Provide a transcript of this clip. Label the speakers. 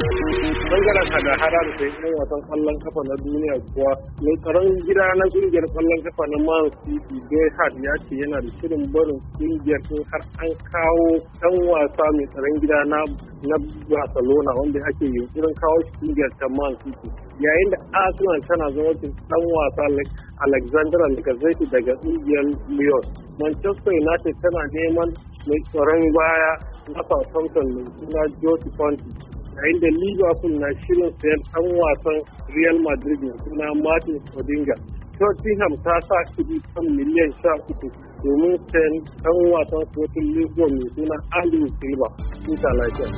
Speaker 1: bangaren hada-hada da sai ɗan wasan kallon kafa na duniya kuwa mai tsaron gida na ƙungiyar kallon kafa na man city gerhard ya ce yana da shirin barin kungiyar tun har an kawo ɗan wasa mai tsaron gida na na barcelona wanda ake yunkurin kawo shi ƙungiyar ta man city yayin da arsenal tana zama ɗan wasa alexander lacazette daga ƙungiyar lyon manchester united tana neman mai tsaron baya na Southampton mai suna Jose Fonte yayin da liverpool na shirin sayan ɗan wasan real madrid mai suna martin odinga tottenham ta sa kuɗi kan miliyan sha uku domin sayan ɗan wasan kotun lisbon mai suna andrew silva tuta lafiya